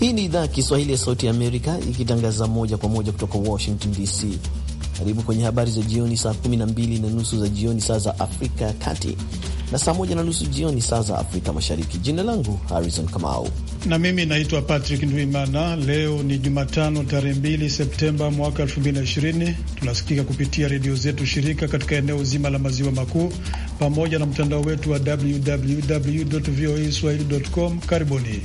Hii ni idhaa ya Kiswahili ya Sauti ya Amerika ikitangaza moja kwa moja kutoka Washington DC. Karibu kwenye habari za jioni, saa 12 na nusu za jioni saa za Afrika ya Kati na saa moja na nusu jioni saa za Afrika Mashariki. Jina langu Harrison Kamau na mimi naitwa Patrick Ndwimana. Leo ni Jumatano tarehe 2 Septemba mwaka 2020. Tunasikika kupitia redio zetu shirika katika eneo zima la maziwa makuu pamoja na mtandao wetu wa www voa swahili com. Karibuni.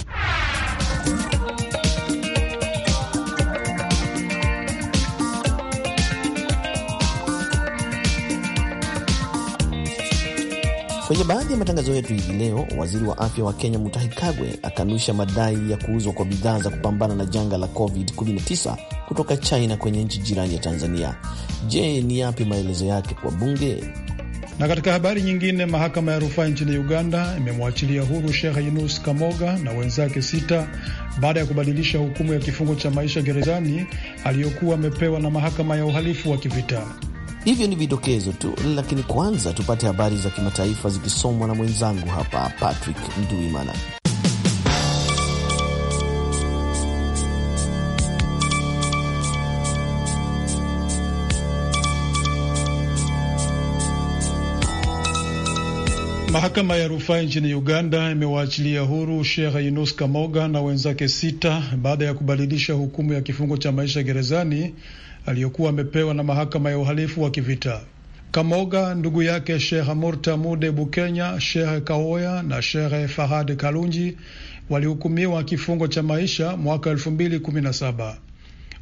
Kwenye baadhi ya matangazo yetu hivi leo, waziri wa afya wa Kenya Mutahi Kagwe akanusha madai ya kuuzwa kwa bidhaa za kupambana na janga la COVID-19 kutoka China kwenye nchi jirani ya Tanzania. Je, ni yapi maelezo yake kwa bunge? Na katika habari nyingine, mahakama ya rufaa nchini Uganda imemwachilia huru shekh Yunus Kamoga na wenzake sita baada ya kubadilisha hukumu ya kifungo cha maisha gerezani aliyokuwa amepewa na mahakama ya uhalifu wa kivita. Hivyo ni vidokezo tu, lakini kwanza tupate habari za kimataifa zikisomwa na mwenzangu hapa Patrick Nduimana. Mahakama ya rufaa nchini Uganda imewaachilia huru Sheikh Yunus Kamoga na wenzake sita baada ya kubadilisha hukumu ya kifungo cha maisha gerezani aliyokuwa amepewa na mahakama ya uhalifu wa kivita. Kamoga, ndugu yake murta mude Bukenya, Sheikh Kaoya na Sheikh Fahad Kalunji walihukumiwa kifungo cha maisha mwaka elfu mbili kumi na saba.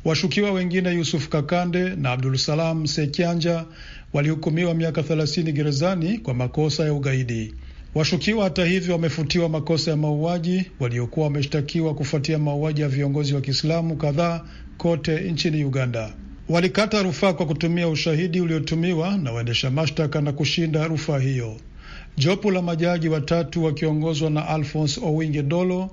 Washukiwa wengine Yusuf Kakande na Abdul Salam Sekianja walihukumiwa miaka thelathini gerezani kwa makosa ya ugaidi. Washukiwa hata hivyo wamefutiwa makosa ya mauaji waliokuwa wameshtakiwa kufuatia mauaji ya viongozi wa Kiislamu kadhaa kote nchini Uganda walikata rufaa kwa kutumia ushahidi uliotumiwa na waendesha mashtaka na kushinda rufaa hiyo. Jopo la majaji watatu wakiongozwa na Alphonse Owinge Dolo,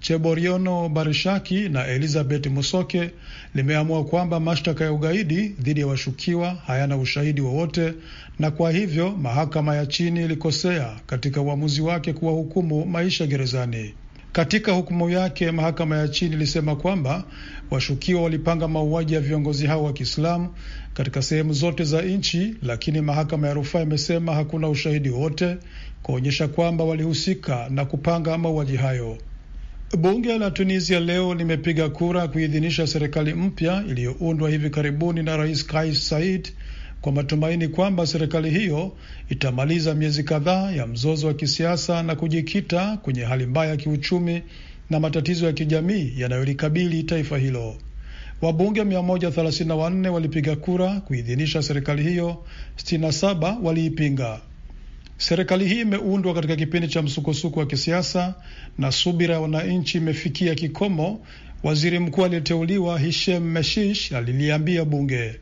Cheboriono Barishaki na Elizabeth Musoke limeamua kwamba mashtaka ya ugaidi dhidi ya washukiwa hayana ushahidi wowote, na kwa hivyo mahakama ya chini ilikosea katika uamuzi wake kuwahukumu maisha gerezani. Katika hukumu yake mahakama ya chini ilisema kwamba Washukiwa walipanga mauaji ya viongozi hao wa Kiislamu katika sehemu zote za nchi, lakini mahakama ya rufaa imesema hakuna ushahidi wote kuonyesha kwamba walihusika na kupanga mauaji hayo. Bunge la Tunisia leo limepiga kura kuidhinisha serikali mpya iliyoundwa hivi karibuni na Rais Kais said kwa matumaini kwamba serikali hiyo itamaliza miezi kadhaa ya mzozo wa kisiasa na kujikita kwenye hali mbaya ya kiuchumi na matatizo ya kijamii yanayolikabili taifa hilo. Wabunge 134 walipiga kura kuidhinisha serikali hiyo, 67 waliipinga. Serikali hii imeundwa katika kipindi cha msukosuko wa kisiasa na subira ya wananchi imefikia kikomo. Waziri mkuu aliyeteuliwa Hishem Meshish aliliambia bunge.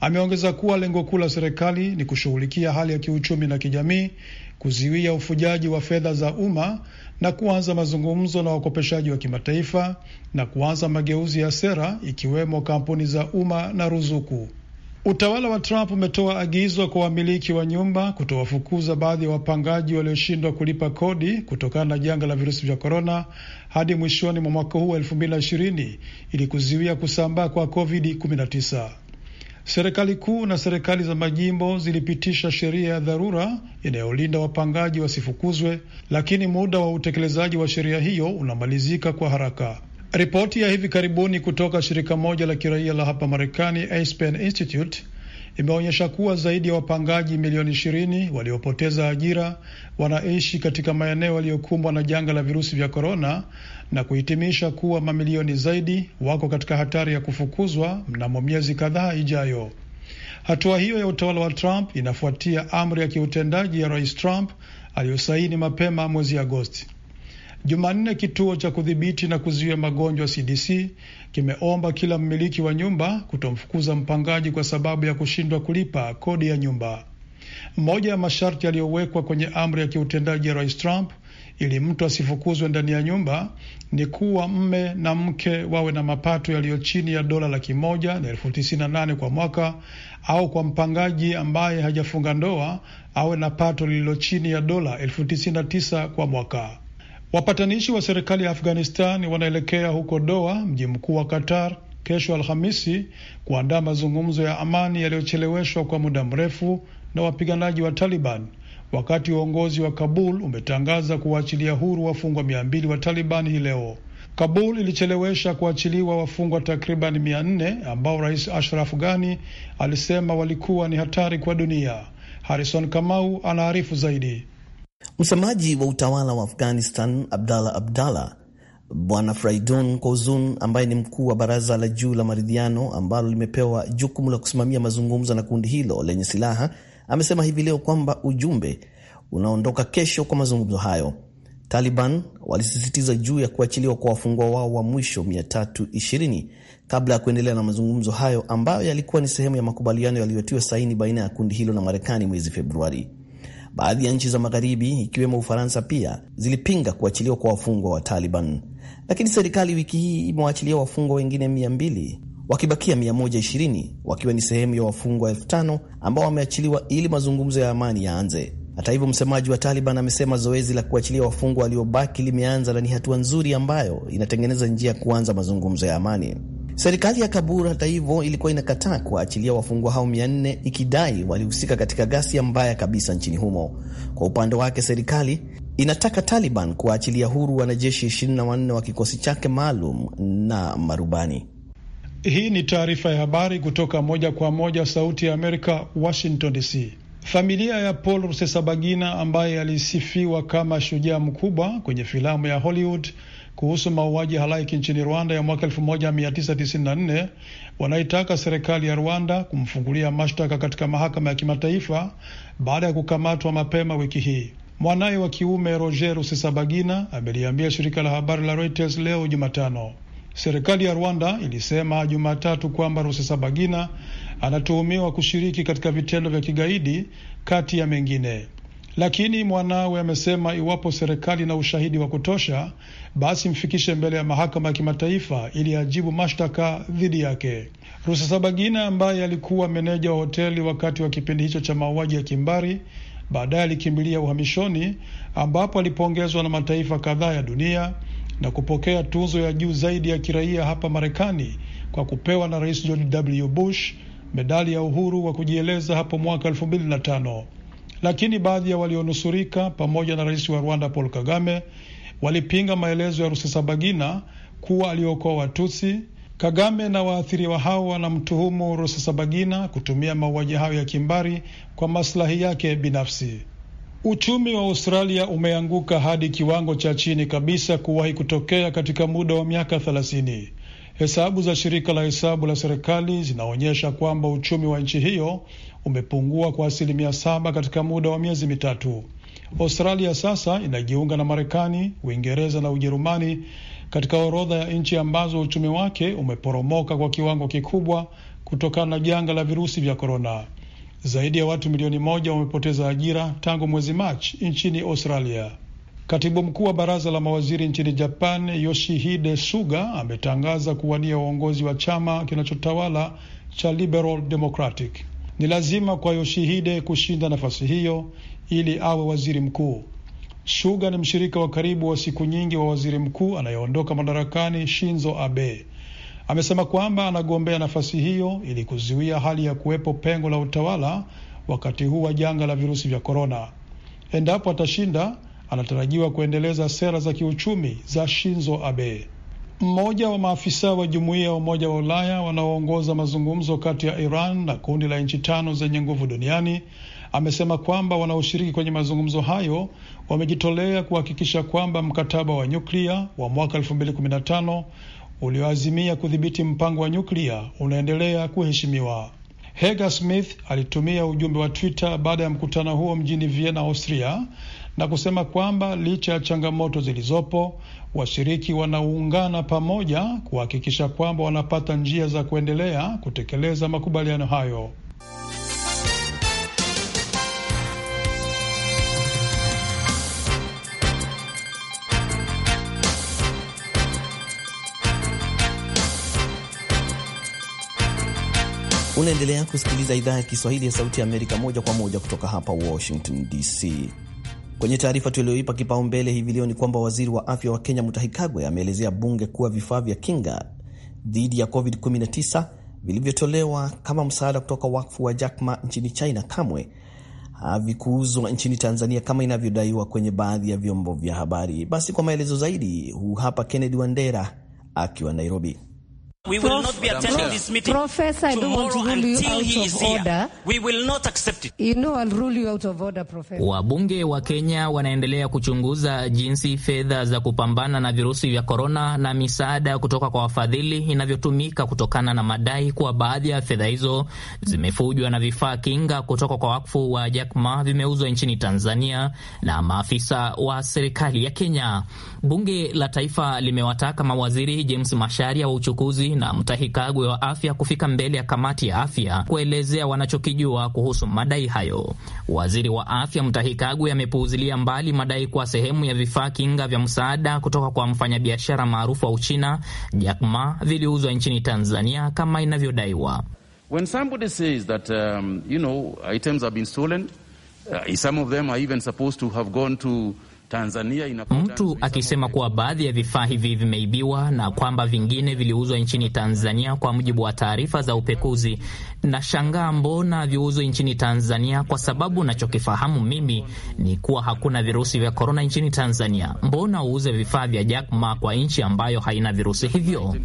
Ameongeza kuwa lengo kuu la serikali ni kushughulikia hali ya kiuchumi na kijamii kuzuia ufujaji wa fedha za umma na kuanza mazungumzo na wakopeshaji wa kimataifa na kuanza mageuzi ya sera ikiwemo kampuni za umma na ruzuku. Utawala wa Trump umetoa agizo kwa wamiliki wa nyumba kutowafukuza baadhi ya wapangaji walioshindwa kulipa kodi kutokana na janga la virusi vya korona hadi mwishoni mwa mwaka huu wa 2020 ili kuzuia kusambaa kwa COVID-19. Serikali kuu na serikali za majimbo zilipitisha sheria ya dharura inayolinda wapangaji wasifukuzwe, lakini muda wa utekelezaji wa sheria hiyo unamalizika kwa haraka. Ripoti ya hivi karibuni kutoka shirika moja la kiraia la hapa Marekani, Aspen Institute imeonyesha kuwa zaidi ya wapangaji milioni ishirini waliopoteza ajira wanaishi katika maeneo yaliyokumbwa na janga la virusi vya korona na kuhitimisha kuwa mamilioni zaidi wako katika hatari ya kufukuzwa mnamo miezi kadhaa ijayo. Hatua hiyo ya utawala wa Trump inafuatia amri ya kiutendaji ya Rais Trump aliyosaini mapema mwezi Agosti. Jumanne kituo cha kudhibiti na kuzuia magonjwa CDC kimeomba kila mmiliki wa nyumba kutomfukuza mpangaji kwa sababu ya kushindwa kulipa kodi ya nyumba. Moja ya masharti yaliyowekwa kwenye amri ya kiutendaji ya Rais Trump ili mtu asifukuzwe ndani ya nyumba ni kuwa mme na mke wawe na mapato yaliyo chini ya dola laki moja na elfu tisini na nane kwa mwaka, au kwa mpangaji ambaye hajafunga ndoa awe na pato lililo chini ya dola elfu tisini na tisa kwa mwaka. Wapatanishi wa serikali ya Afghanistan wanaelekea huko Doha, mji mkuu wa Qatar, kesho Alhamisi kuandaa mazungumzo ya amani yaliyocheleweshwa kwa muda mrefu na wapiganaji wa Taliban, wakati uongozi wa Kabul umetangaza kuwaachilia huru wafungwa mia mbili wa Taliban hii leo. Kabul ilichelewesha kuachiliwa wafungwa takriban mia nne ambao Rais Ashraf Ghani alisema walikuwa ni hatari kwa dunia. Harrison Kamau anaarifu zaidi. Msemaji wa utawala wa Afghanistan Abdallah Abdallah Bwana Fraidon Kozun ambaye ni mkuu wa baraza la juu la maridhiano ambalo limepewa jukumu la kusimamia mazungumzo na kundi hilo lenye silaha amesema hivi leo kwamba ujumbe unaondoka kesho kwa mazungumzo hayo. Taliban walisisitiza juu ya kuachiliwa kwa wafungwa wao wa mwisho 320 kabla ya kuendelea na mazungumzo hayo ambayo yalikuwa ni sehemu ya makubaliano yaliyotiwa saini baina ya kundi hilo na Marekani mwezi Februari. Baadhi ya nchi za magharibi ikiwemo Ufaransa pia zilipinga kuachiliwa kwa wafungwa wa Taliban, lakini serikali wiki hii imewaachilia wafungwa wengine 200 wakibakia 120 wakiwa ni sehemu ya wafungwa 5 ambao wameachiliwa ili mazungumzo ya amani yaanze. Hata hivyo, msemaji wa Taliban amesema zoezi la kuachilia wafungwa waliobaki limeanza na ni hatua nzuri ambayo inatengeneza njia ya kuanza mazungumzo ya amani. Serikali ya Kabul hata hivyo ilikuwa inakataa kuwaachilia wafungwa hao 4 ikidai walihusika katika ghasia mbaya kabisa nchini humo. Kwa upande wake, serikali inataka Taliban kuwaachilia huru wanajeshi 24 wa kikosi chake maalum na marubani. Hii ni taarifa ya habari kutoka moja kwa moja Sauti ya Amerika, Washington DC. Familia ya Paul Rusesabagina ambaye alisifiwa kama shujaa mkubwa kwenye filamu ya Hollywood kuhusu mauaji halaiki nchini Rwanda ya mwaka 1994 wanaitaka serikali ya Rwanda kumfungulia mashtaka katika mahakama ya kimataifa baada ya kukamatwa mapema wiki hii. Mwanaye wa kiume Roger Rusesabagina ameliambia shirika la habari la Reuters leo Jumatano. Serikali ya Rwanda ilisema Jumatatu kwamba Rusesabagina anatuhumiwa kushiriki katika vitendo vya kigaidi kati ya mengine lakini mwanawe amesema iwapo serikali na ushahidi wa kutosha, basi mfikishe mbele ya mahakama ya kimataifa ili ajibu mashtaka dhidi yake. Rusesabagina ambaye alikuwa meneja wa hoteli wakati wa kipindi hicho cha mauaji ya kimbari, baadaye alikimbilia uhamishoni ambapo alipongezwa na mataifa kadhaa ya dunia na kupokea tuzo ya juu zaidi ya kiraia hapa Marekani kwa kupewa na Rais George W. Bush medali ya uhuru wa kujieleza hapo mwaka elfu mbili na tano lakini baadhi ya walionusurika pamoja na rais wa Rwanda Paul Kagame walipinga maelezo ya Rusesabagina kuwa aliokoa Watusi. Kagame na waathiriwa hao wanamtuhumu Rusesabagina kutumia mauaji hayo ya kimbari kwa maslahi yake binafsi. Uchumi wa Australia umeanguka hadi kiwango cha chini kabisa kuwahi kutokea katika muda wa miaka thelathini. Hesabu za shirika la hesabu la serikali zinaonyesha kwamba uchumi wa nchi hiyo umepungua kwa asilimia saba katika muda wa miezi mitatu. Australia sasa inajiunga na Marekani, Uingereza na Ujerumani katika orodha ya nchi ambazo uchumi wake umeporomoka kwa kiwango kikubwa kutokana na janga la virusi vya korona. Zaidi ya watu milioni moja wamepoteza ajira tangu mwezi Machi nchini Australia. Katibu mkuu wa baraza la mawaziri nchini Japan, Yoshihide Suga, ametangaza kuwania uongozi wa chama kinachotawala cha Liberal Democratic. Ni lazima kwa Yoshihide kushinda nafasi hiyo ili awe waziri mkuu. Shuga ni mshirika wa karibu wa siku nyingi wa waziri mkuu anayeondoka madarakani Shinzo Abe. Amesema kwamba anagombea nafasi hiyo ili kuzuia hali ya kuwepo pengo la utawala wakati huu wa janga la virusi vya korona. Endapo atashinda, anatarajiwa kuendeleza sera za kiuchumi za Shinzo Abe. Mmoja wa maafisa wa jumuiya ya Umoja wa Ulaya wanaoongoza mazungumzo kati ya Iran na kundi la nchi tano zenye nguvu duniani amesema kwamba wanaoshiriki kwenye mazungumzo hayo wamejitolea kuhakikisha kwamba mkataba wa nyuklia wa mwaka 2015 ulioazimia kudhibiti mpango wa nyuklia unaendelea kuheshimiwa. hegar Smith alitumia ujumbe wa Twitter baada ya mkutano huo mjini Vienna, Austria, na kusema kwamba licha ya changamoto zilizopo, washiriki wanaungana pamoja kuhakikisha kwamba wanapata njia za kuendelea kutekeleza makubaliano hayo. Unaendelea kusikiliza idhaa ya Kiswahili ya Sauti ya Amerika moja kwa moja kutoka hapa Washington DC. Kwenye taarifa tuliyoipa kipaumbele hivi leo ni kwamba waziri wa afya wa Kenya Mutahi Kagwe ameelezea bunge kuwa vifaa vya kinga dhidi ya COVID-19 vilivyotolewa kama msaada kutoka wakfu wa jakma nchini China kamwe havikuuzwa nchini Tanzania kama inavyodaiwa kwenye baadhi ya vyombo vya habari. Basi kwa maelezo zaidi, huu hapa Kennedy Wandera akiwa Nairobi. We will Prof, not be attending this meeting Professor, I don't want to rule you out of order. We will not accept it. You know I'll rule you out of order, Professor. Wabunge wa Kenya wanaendelea kuchunguza jinsi fedha za kupambana na virusi vya korona na misaada kutoka kwa wafadhili inavyotumika kutokana na madai kuwa baadhi ya fedha hizo zimefujwa na vifaa kinga kutoka kwa wakfu wa Jack Ma vimeuzwa nchini Tanzania na maafisa wa serikali ya Kenya. Bunge la Taifa limewataka mawaziri James Masharia wa uchukuzi na mtahikagwe Kagwe wa afya kufika mbele ya kamati ya afya kuelezea wanachokijua kuhusu madai hayo. Waziri wa afya mtahikagwe Kagwe amepuuzilia mbali madai kuwa sehemu ya vifaa kinga vya msaada kutoka kwa mfanyabiashara maarufu wa Uchina Jack Ma viliuzwa nchini Tanzania kama inavyodaiwa. When somebody says that, um, you know, items have been stolen, uh, some of them are even supposed to have gone to Tanzania inapata mtu akisema kuwa baadhi ya vifaa hivi vimeibiwa na kwamba vingine viliuzwa nchini Tanzania kwa mujibu wa taarifa za upekuzi. na shangaa mbona viuzwe nchini Tanzania, kwa sababu nachokifahamu mimi ni kuwa hakuna virusi vya korona nchini Tanzania. Mbona uuze vifaa vya Jack Ma kwa nchi ambayo haina virusi hivyo?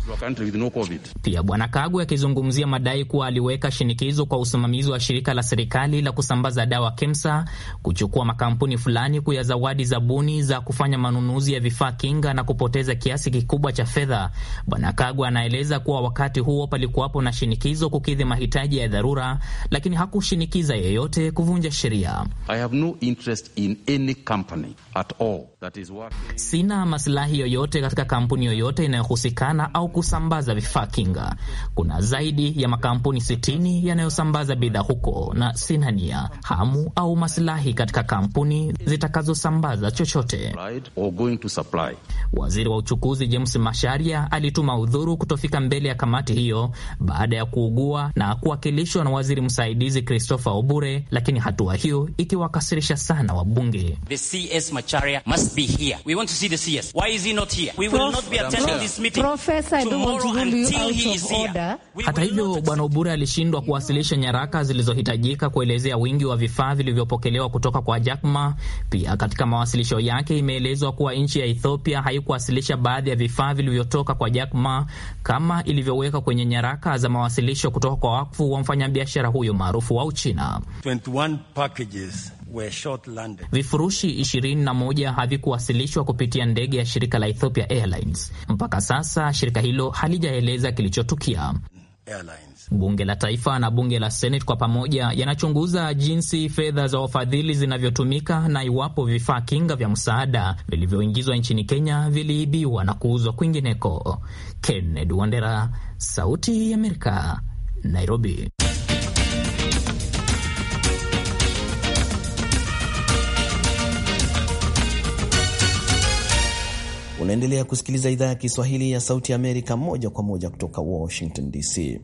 Pia Bwana Kagwe akizungumzia madai kuwa aliweka shinikizo kwa usimamizi wa shirika la serikali la kusambaza dawa KEMSA kuchukua makampuni fulani kuya zawadi za buni kampuni za kufanya manunuzi ya vifaa kinga na kupoteza kiasi kikubwa cha fedha. Bwana Kagwa anaeleza kuwa wakati huo palikuwapo na shinikizo kukidhi mahitaji ya dharura, lakini hakushinikiza yeyote kuvunja sheria. sina masilahi yoyote katika kampuni yoyote inayohusikana au kusambaza vifaa kinga. Kuna zaidi ya makampuni sitini yanayosambaza bidhaa huko, na sina nia, hamu au masilahi katika kampuni zitakazosambaza chochote. Waziri wa uchukuzi James Masharia alituma udhuru kutofika mbele ya kamati hiyo baada ya kuugua na kuwakilishwa na waziri msaidizi Christopher Obure, lakini hatua hiyo ikiwakasirisha sana wabunge. Hata hivyo, Bwana Obure alishindwa kuwasilisha nyaraka zilizohitajika kuelezea wingi wa vifaa vilivyopokelewa kutoka kwa Jakma. Pia katika mawasilisho Kesho yake imeelezwa kuwa nchi ya Ethiopia haikuwasilisha baadhi ya vifaa vilivyotoka kwa Jack Ma kama ilivyoweka kwenye nyaraka za mawasilisho kutoka kwa wakfu wa mfanyabiashara huyo maarufu wa Uchina. Vifurushi 21 havikuwasilishwa kupitia ndege ya shirika la Ethiopia Airlines. Mpaka sasa shirika hilo halijaeleza kilichotukia. Airlines. Bunge la Taifa na bunge la Senate kwa pamoja yanachunguza jinsi fedha za wafadhili zinavyotumika na iwapo vifaa kinga vya msaada vilivyoingizwa nchini Kenya viliibiwa na kuuzwa kwingineko. Kennedy Wandera, Sauti ya Amerika, Nairobi. Unaendelea kusikiliza idhaa ya Kiswahili ya Sauti Amerika moja kwa moja kutoka Washington DC.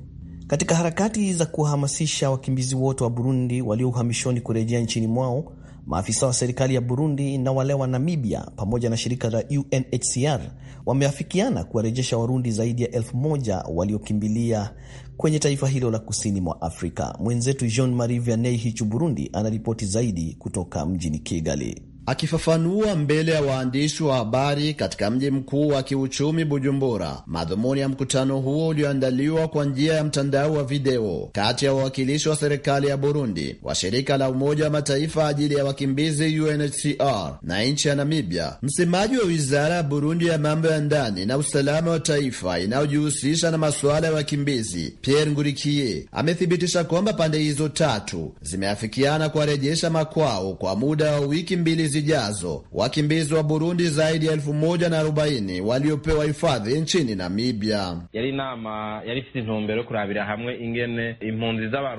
Katika harakati za kuwahamasisha wakimbizi wote wa Burundi walio uhamishoni kurejea nchini mwao, maafisa wa serikali ya Burundi na wale wa Namibia pamoja na shirika la UNHCR wameafikiana kuwarejesha Warundi zaidi ya elfu moja waliokimbilia kwenye taifa hilo la kusini mwa Afrika. Mwenzetu Jean Marie Vianney Hichu Burundi anaripoti zaidi kutoka mjini Kigali. Akifafanua mbele ya waandishi wa habari katika mji mkuu wa kiuchumi Bujumbura, madhumuni ya mkutano huo ulioandaliwa kwa njia ya mtandao wa video kati ya wawakilishi wa serikali ya Burundi wa shirika la Umoja wa Mataifa ajili ya wakimbizi UNHCR na nchi ya Namibia, msemaji wa wizara ya Burundi ya mambo ya ndani na usalama wa taifa inayojihusisha na masuala ya wakimbizi Pierre Ngurikie amethibitisha kwamba pande hizo tatu zimeafikiana kuwarejesha makwao kwa muda wa wiki mbili zijazo. Wakimbizi wa Burundi zaidi ya elfu moja na arobaini waliopewa hifadhi nchini Namibia.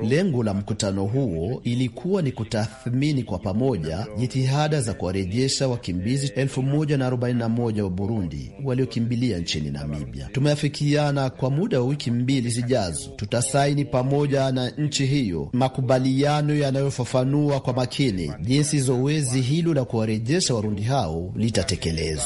Lengo la mkutano huo ilikuwa ni kutathmini kwa pamoja jitihada za kuwarejesha wakimbizi elfu moja na arobaini na moja wa Burundi waliokimbilia nchini Namibia. Tumeafikiana kwa muda wa wiki mbili zijazo, tutasaini pamoja na nchi hiyo makubaliano yanayofafanua kwa makini jinsi zoezi hilo la kuwarejesha Warundi hao litatekelezwa.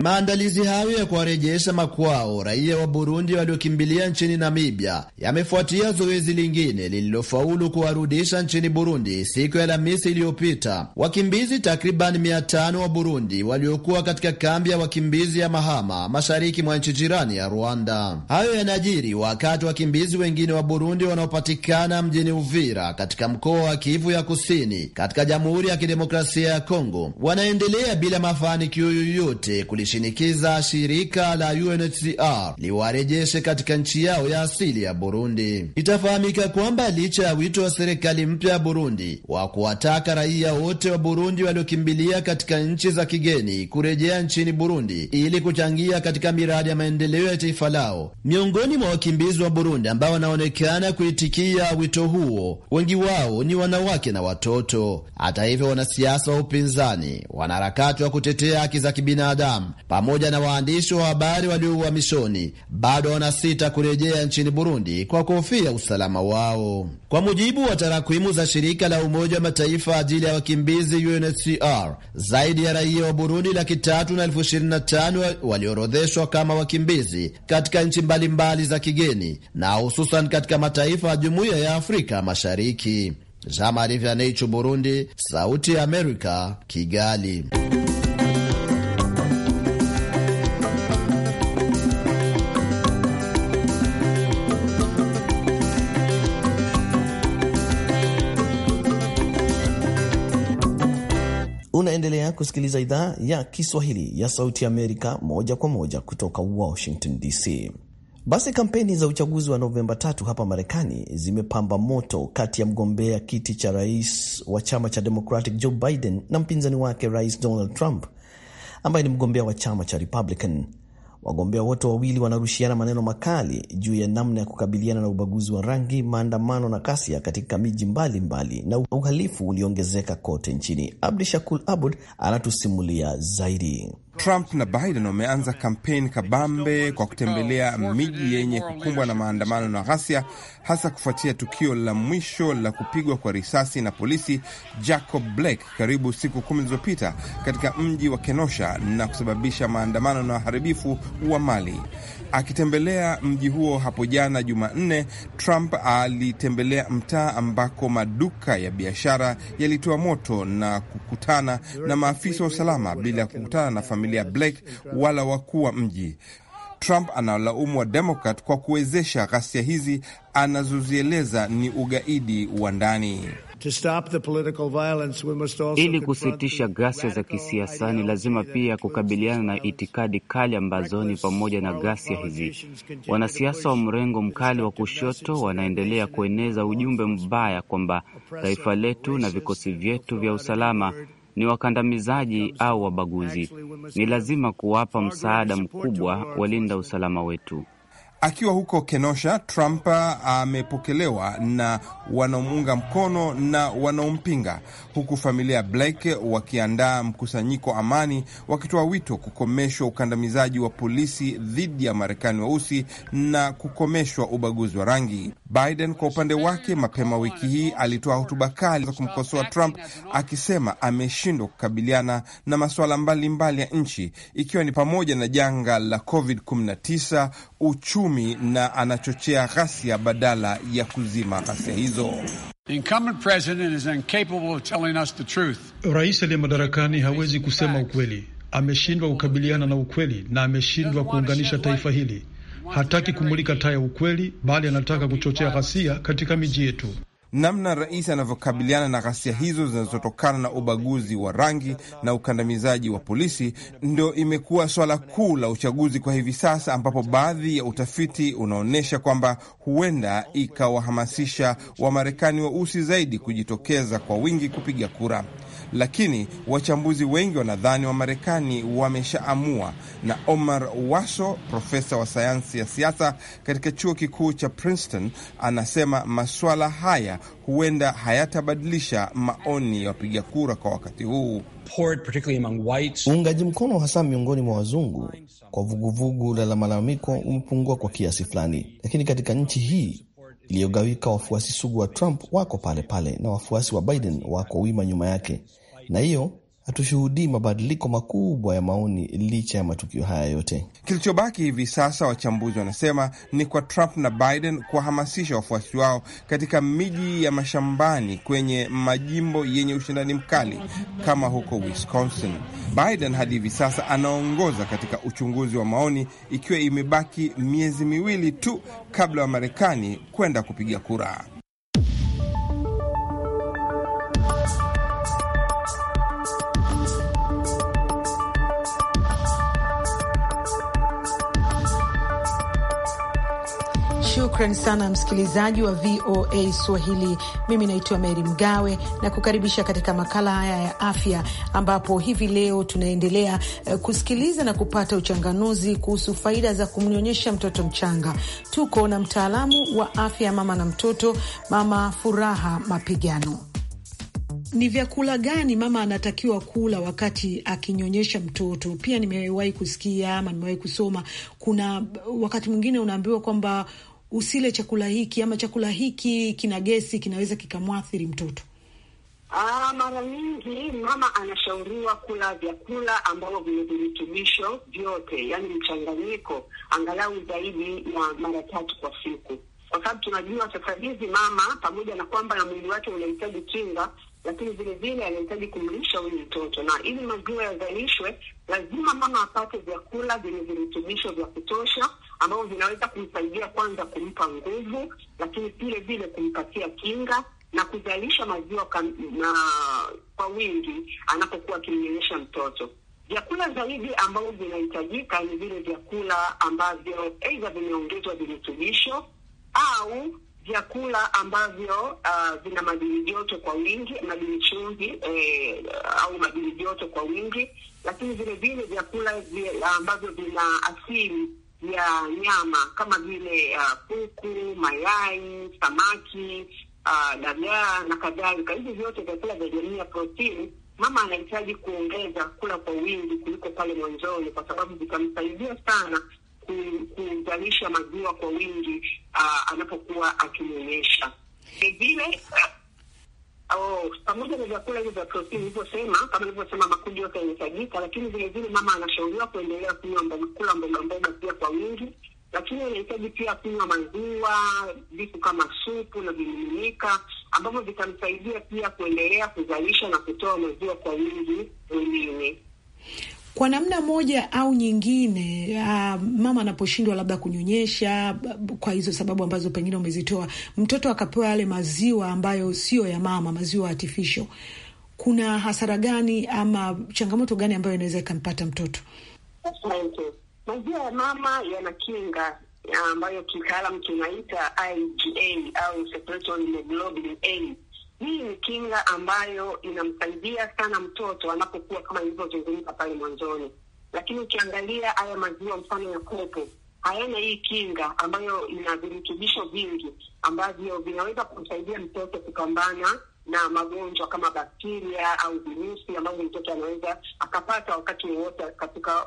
Maandalizi hayo ya kuwarejesha makwao raia wa Burundi waliokimbilia nchini Namibia yamefuatia zoezi lingine lililofaulu kuwarudisha nchini Burundi siku ya Alhamisi iliyopita wakimbizi takriban mia tano wa Burundi waliokuwa katika kambi ya wakimbizi ya Mahama mashariki mwa nchi jirani ya Rwanda. Hayo yanajiri wakati wakimbizi wengine wa Burundi wanaopatikana mjini Uvira katika mkoa wa Kivu ya Kusini katika Jamhuri ya Kidemokrasia ya Kongo wanaendelea bila mafanikio yoyote kulishinikiza shirika la UNHCR liwarejeshe katika nchi yao ya asili ya Burundi. Itafahamika kwamba licha ya wito wa serikali mpya ya Burundi wa kuwataka raia wote wa Burundi waliokimbilia katika nchi za kigeni kurejea nchini Burundi ili kuchangia katika miradi ya maendeleo ya taifa lao, miongoni mwa wakimbizi wa Burundi ambao wanaonekana kuitikia wito huo, wengi wao ni wanawake wanawake na watoto. Hata hivyo, wanasiasa wa upinzani, wanaharakati wa kutetea haki za kibinadamu pamoja na waandishi wa habari waliouhamishoni bado wanasita kurejea nchini Burundi kwa kuhofia usalama wao. Kwa mujibu wa tarakwimu za shirika la Umoja wa Mataifa ajili ya wakimbizi UNHCR, zaidi ya raia wa Burundi laki tatu na elfu ishirini na tano waliorodheshwa kama wakimbizi katika nchi mbalimbali za kigeni na hususan katika mataifa ya Jumuiya ya Afrika Mashariki. Jean Marie Vianney Burundi, Sauti ya Amerika, Kigali. Unaendelea kusikiliza idhaa ya Kiswahili ya Sauti Amerika moja kwa moja kutoka Washington DC. Basi kampeni za uchaguzi wa Novemba tatu hapa Marekani zimepamba moto kati ya mgombea kiti cha rais wa chama cha Democratic Joe Biden na mpinzani wake Rais Donald Trump ambaye ni mgombea wa chama cha Republican. Wagombea wote wawili wanarushiana maneno makali juu ya namna ya kukabiliana na ubaguzi wa rangi, maandamano na kasia katika miji mbalimbali na uhalifu ulioongezeka kote nchini. abdu shakul Abud anatusimulia zaidi. Trump na Biden wameanza kampeni kabambe kwa kutembelea oh, miji yenye kukumbwa na maandamano na ghasia, hasa kufuatia tukio la mwisho la kupigwa kwa risasi na polisi Jacob Blake karibu siku kumi zilizopita katika mji wa Kenosha na kusababisha maandamano na uharibifu wa mali. Akitembelea mji huo hapo jana Jumanne, Trump alitembelea mtaa ambako maduka ya biashara yalitoa moto na kukutana na maafisa wa usalama bila ya kukutana na familia Blake wala wakuu wa mji. Trump analaumu wa Demokrat kwa kuwezesha ghasia hizi anazozieleza ni ugaidi wa ndani. Ili kusitisha ghasia za kisiasa, ni lazima pia kukabiliana na itikadi kali ambazo ni pamoja na ghasia hizi. Wanasiasa wa mrengo mkali wa kushoto wanaendelea kueneza ujumbe mbaya kwamba taifa letu na vikosi vyetu vya usalama ni wakandamizaji au wabaguzi. Ni lazima kuwapa msaada mkubwa walinda usalama wetu. Akiwa huko Kenosha, Trump amepokelewa na wanaomuunga mkono na wanaompinga huku familia Blake wakiandaa mkusanyiko amani, wakitoa wito kukomeshwa ukandamizaji wa polisi dhidi ya Marekani weusi na kukomeshwa ubaguzi wa rangi. Biden kwa upande wake, mapema wiki hii alitoa hotuba kali za kumkosoa Trump akisema ameshindwa kukabiliana na masuala mbalimbali ya nchi ikiwa ni pamoja na janga la COVID-19, uchumi na anachochea ghasia badala ya kuzima ghasia hizo. Rais aliye madarakani hawezi kusema ukweli. Ameshindwa kukabiliana na ukweli na ameshindwa kuunganisha taifa hili. Hataki kumulika taa ya ukweli, bali anataka kuchochea ghasia katika miji yetu namna rais anavyokabiliana na ghasia hizo zinazotokana na ubaguzi wa rangi na ukandamizaji wa polisi ndio imekuwa swala kuu la uchaguzi kwa hivi sasa, ambapo baadhi ya utafiti unaonyesha kwamba huenda ikawahamasisha Wamarekani weusi zaidi kujitokeza kwa wingi kupiga kura lakini wachambuzi wengi wanadhani Wamarekani wameshaamua. Na Omar Waso, profesa wa sayansi ya siasa katika chuo kikuu cha Princeton, anasema masuala haya huenda hayatabadilisha maoni ya wapiga kura kwa wakati huu. Uungaji mkono hasa miongoni mwa wazungu kwa vuguvugu la la malalamiko umepungua kwa kiasi fulani, lakini katika nchi hii iliyogawika wafuasi sugu wa Trump wako pale pale na wafuasi wa Biden wako wima nyuma yake, na hiyo hatushuhudii mabadiliko makubwa ya maoni licha ya matukio haya yote. Kilichobaki hivi sasa, wachambuzi wanasema ni kwa Trump na Biden kuwahamasisha wafuasi wao katika miji ya mashambani kwenye majimbo yenye ushindani mkali kama huko Wisconsin. Biden hadi hivi sasa anaongoza katika uchunguzi wa maoni, ikiwa imebaki miezi miwili tu kabla ya Marekani kwenda kupiga kura. Shukran sana msikilizaji wa VOA Swahili. Mimi naitwa Meri Mgawe na kukaribisha katika makala haya ya afya, ambapo hivi leo tunaendelea eh, kusikiliza na kupata uchanganuzi kuhusu faida za kumnyonyesha mtoto mchanga. Tuko na mtaalamu wa afya ya mama na mtoto, Mama Furaha Mapigano. Ni vyakula gani mama anatakiwa kula wakati akinyonyesha mtoto? Pia nimewahi kusikia ama nimewahi kusoma, kuna wakati mwingine unaambiwa kwamba usile chakula hiki ama chakula hiki kina gesi, kinaweza kikamwathiri mtoto? Aa, ah, mara nyingi mama anashauriwa kula vyakula ambavyo vina virutubisho vyote, yani mchanganyiko angalau zaidi ya mara tatu kwa siku, kwa sababu tunajua sasa hivi mama pamoja na kwamba na mwili wake unahitaji kinga lakini vile vile anahitaji kumlisha huyu mtoto, na ili maziwa yazalishwe, lazima mama apate vyakula vyenye virutubisho vya kutosha, ambavyo vinaweza kumsaidia kwanza kumpa nguvu, lakini vile vile kumpatia kinga na kuzalisha maziwa na kwa wingi anapokuwa akimnyonyesha mtoto. Vyakula zaidi ambavyo vinahitajika ni vile vyakula ambavyo aidha vimeongezwa virutubisho au vyakula ambavyo uh, vina madini joto kwa wingi, madini chumvi eh, au madini joto kwa wingi, lakini vile vile vyakula ambavyo vina asili ya nyama kama vile uh, kuku, mayai, samaki, uh, dagaa na kadhalika. Hivi vyote vyakula vya jamii ya protini, mama anahitaji kuongeza kula kwa wingi kuliko pale mwanzoni, kwa sababu vitamsaidia sana kuzalisha maziwa kwa wingi uh, anapokuwa akinyonyesha. Vile uh, pamoja na vyakula hivyo vya protini nilivyosema, kama ilivyosema makundi yote yanahitajika, lakini vile vile mama anashauriwa kuendelea kunywa kula mboga mboga pia kwa wingi, lakini anahitaji pia kunywa maziwa, vitu kama supu na vimiminika ambavyo vitamsaidia pia kuendelea kuzalisha na kutoa maziwa kwa wingi mwilini kwa namna moja au nyingine, uh, mama anaposhindwa labda kunyonyesha kwa hizo sababu ambazo pengine umezitoa, mtoto akapewa yale maziwa ambayo siyo ya mama, maziwa artificial, kuna hasara gani ama changamoto gani ambayo inaweza ikampata mtoto? Maziwa ya mama yana kinga ambayo kitaalam tunaita IgA au hii ni kinga ambayo inamsaidia sana mtoto anapokuwa kama ilivyozungumza pale mwanzoni, lakini ukiangalia haya maziwa mfano ya kopo hayana hii kinga ambayo ina virutubisho vingi ambavyo vinaweza kumsaidia mtoto kupambana na magonjwa kama bakteria au virusi ambavyo mtoto anaweza akapata wakati wowote katika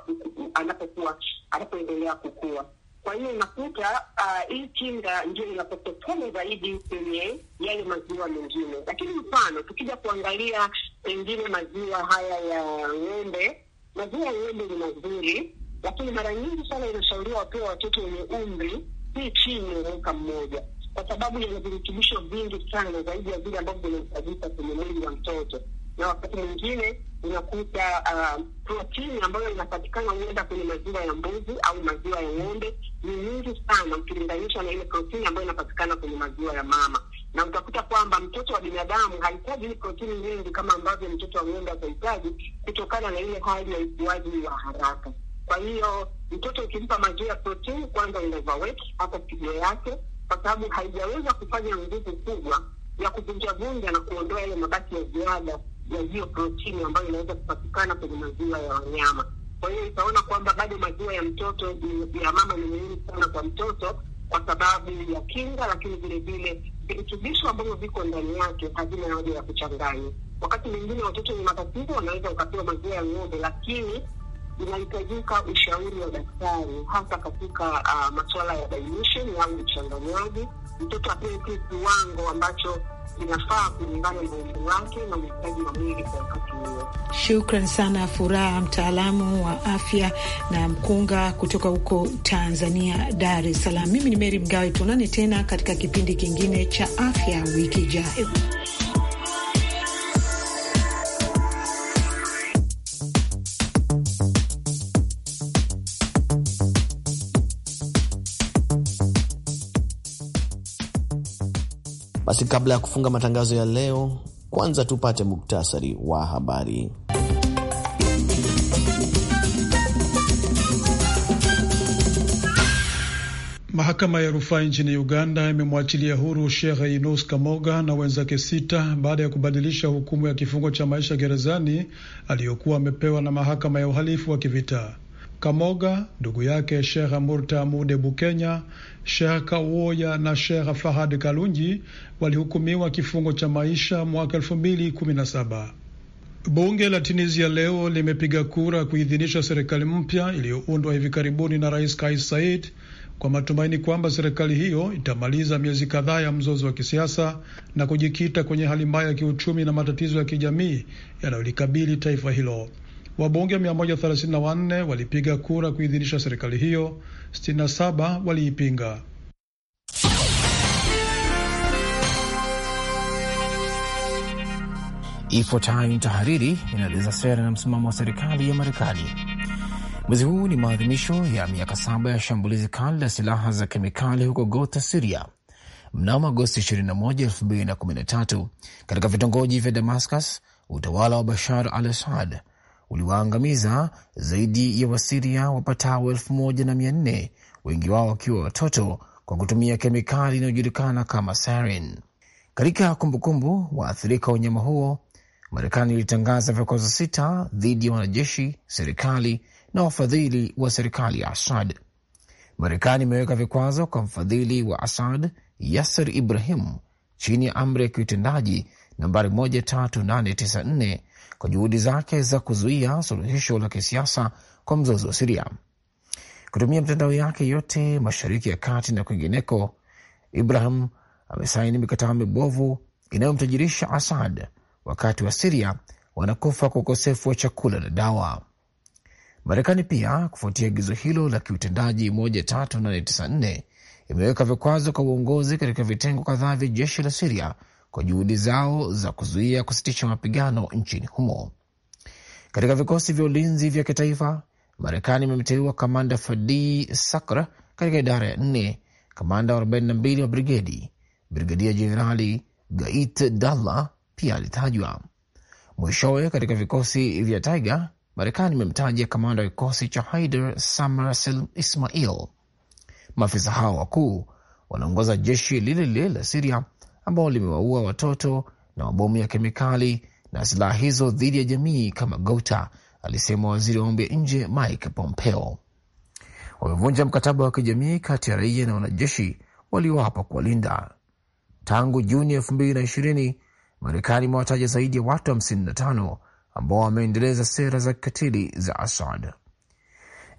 anapokuwa anapoendelea kukua. Kwa hiyo inakuta uh, hii kinga ndio inapotekana zaidi kwenye yale maziwa mengine. Lakini mfano tukija kuangalia pengine maziwa haya ya ng'ombe, maziwa ya ng'ombe ni mazuri, lakini mara nyingi sana inashauriwa wapewa watoto wenye umri si chini ya mwaka mmoja kwa sababu yana virutubisho vingi sana zaidi ya vile ambavyo vinahitajika kwenye mwili wa mtoto na wakati mwingine unakuta uh, protini ambayo inapatikana huenda kwenye maziwa ya mbuzi au maziwa ya ng'ombe ni nyingi sana ukilinganisha na ile protini ambayo inapatikana kwenye maziwa ya mama, na utakuta kwamba mtoto wa binadamu hahitaji ile protini nyingi kama ambavyo mtoto wa ng'ombe atahitaji kutokana na ile hali ya ukuaji wa haraka. Kwa hiyo mtoto ukimpa maziwa ya protini, kwanza inavyoweka hata pigo yake, kwa sababu haijaweza kufanya nguvu kubwa ya kuvunjavunja na kuondoa yale mabaki ya ziada ya hiyo protini ambayo inaweza kupatikana kwenye maziwa ya wanyama. Kwa hiyo itaona kwamba bado maziwa ya mtoto ya mama ni muhimu sana kwa mtoto kwa sababu ya kinga, lakini vile vile virutubisho ambavyo viko ndani yake hazina haja ya kuchanganywa. Wakati mwingine watoto wenye matatizo wanaweza ukapewa maziwa ya ng'ombe, lakini inahitajika ushauri wa daktari, hasa katika uh, masuala ya dilution au yaani uchanganyaji. Mtoto apewe pia kiwango ambacho inafaa wake na wakati Shukran sana Furaha, mtaalamu wa afya na mkunga kutoka huko Tanzania, Dar es Salaam. Mimi ni Meri Mgawe, tuonane tena katika kipindi kingine cha afya wiki ijayo. Basi kabla ya kufunga matangazo ya leo, kwanza tupate muktasari wa habari. Mahakama ya rufaa nchini Uganda imemwachilia huru Sheikh Yunus Kamoga na wenzake sita baada ya kubadilisha hukumu ya kifungo cha maisha gerezani aliyokuwa amepewa na mahakama ya uhalifu wa kivita. Kamoga, ndugu yake Sheikh Murta Amude Bukenya Sheikh Kawoya na Sheikh Fahad Kalunji walihukumiwa kifungo cha maisha mwaka 2017. Bunge la Tunisia leo limepiga kura kuidhinisha serikali mpya iliyoundwa hivi karibuni na Rais Kais Said kwa matumaini kwamba serikali hiyo itamaliza miezi kadhaa ya mzozo wa kisiasa na kujikita kwenye hali mbaya ya kiuchumi na matatizo ya kijamii yanayolikabili taifa hilo. Wabunge 134 walipiga kura kuidhinisha serikali hiyo 67 waliipinga. Ifuatayo ni tahariri inaeleza sera na msimamo wa serikali ya Marekani. Mwezi huu ni maadhimisho ya miaka saba ya shambulizi kali la silaha za kemikali huko Gota, Siria mnamo Agosti 21, 2013 katika vitongoji vya Damascus, utawala wa Bashar al Assad uliwaangamiza zaidi ya Wasiria wapatao elfu moja na mia nne, wengi wao wakiwa watoto, kwa kutumia kemikali inayojulikana kama sarin. Katika kumbukumbu waathirika wa unyama huo, Marekani ilitangaza vikwazo sita dhidi ya wanajeshi, serikali na wafadhili wa serikali ya Assad. Marekani imeweka vikwazo kwa mfadhili wa Assad Yasser Ibrahim chini ya amri ya kiutendaji nambari 13894 kwa juhudi zake za kuzuia suluhisho la kisiasa kwa mzozo wa Siria. Kutumia mitandao yake yote Mashariki ya Kati na kwingineko, Ibrahim amesaini mikataba mibovu inayomtajirisha Asad wakati wa Siria wanakufa kwa ukosefu wa chakula na dawa. Marekani pia kufuatia agizo hilo la kiutendaji 13894 imeweka vikwazo kwa uongozi katika vitengo kadhaa vya jeshi la Siria kwa juhudi zao za kuzuia kusitisha mapigano nchini humo. Katika vikosi vya ulinzi vya kitaifa, Marekani imemteua kamanda Fadi Sakra katika idara ya nne, kamanda wa 42 wa brigedi. Brigedia Jenerali Gait Dalla pia alitajwa. Mwishowe, katika vikosi vya taiga Marekani imemtaja kamanda wa kikosi cha Haider Samrasil Ismail. Maafisa hao wakuu wanaongoza jeshi lile lile la Siria ambao limewaua watoto na mabomu ya kemikali na silaha hizo dhidi ya jamii kama Gota, alisema waziri wa mambo ya nje Mike Pompeo. Wamevunja mkataba wa kijamii kati ya raia na wanajeshi waliowapa kuwalinda. Tangu Juni elfu mbili na ishirini, Marekani imewataja zaidi ya watu 55 ambao wameendeleza sera za kikatili za Assad.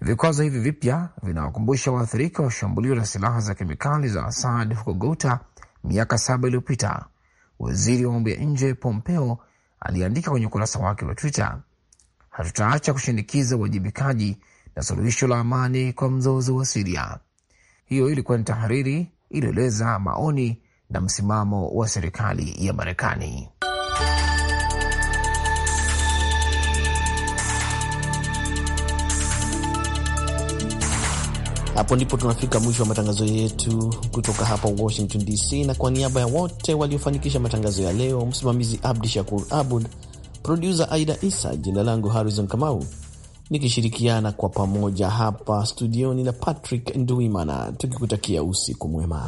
Vikwazo hivi vipya vinawakumbusha waathirika wa shambulio la silaha za kemikali za Assad huko Gota, Miaka saba iliyopita, waziri wa mambo ya nje Pompeo aliandika kwenye ukurasa wake wa Twitter, hatutaacha kushinikiza uwajibikaji na suluhisho la amani kwa mzozo wa Siria. Hiyo ilikuwa ni tahariri iliyoeleza maoni na msimamo wa serikali ya Marekani. Hapo ndipo tunafika mwisho wa matangazo yetu kutoka hapa Washington DC, na kwa niaba ya wote waliofanikisha matangazo ya leo, msimamizi Abdi Shakur Abud, produsa Aida Isa, jina langu Harrison Kamau, nikishirikiana kwa pamoja hapa studioni na Patrick Nduimana, tukikutakia usiku mwema.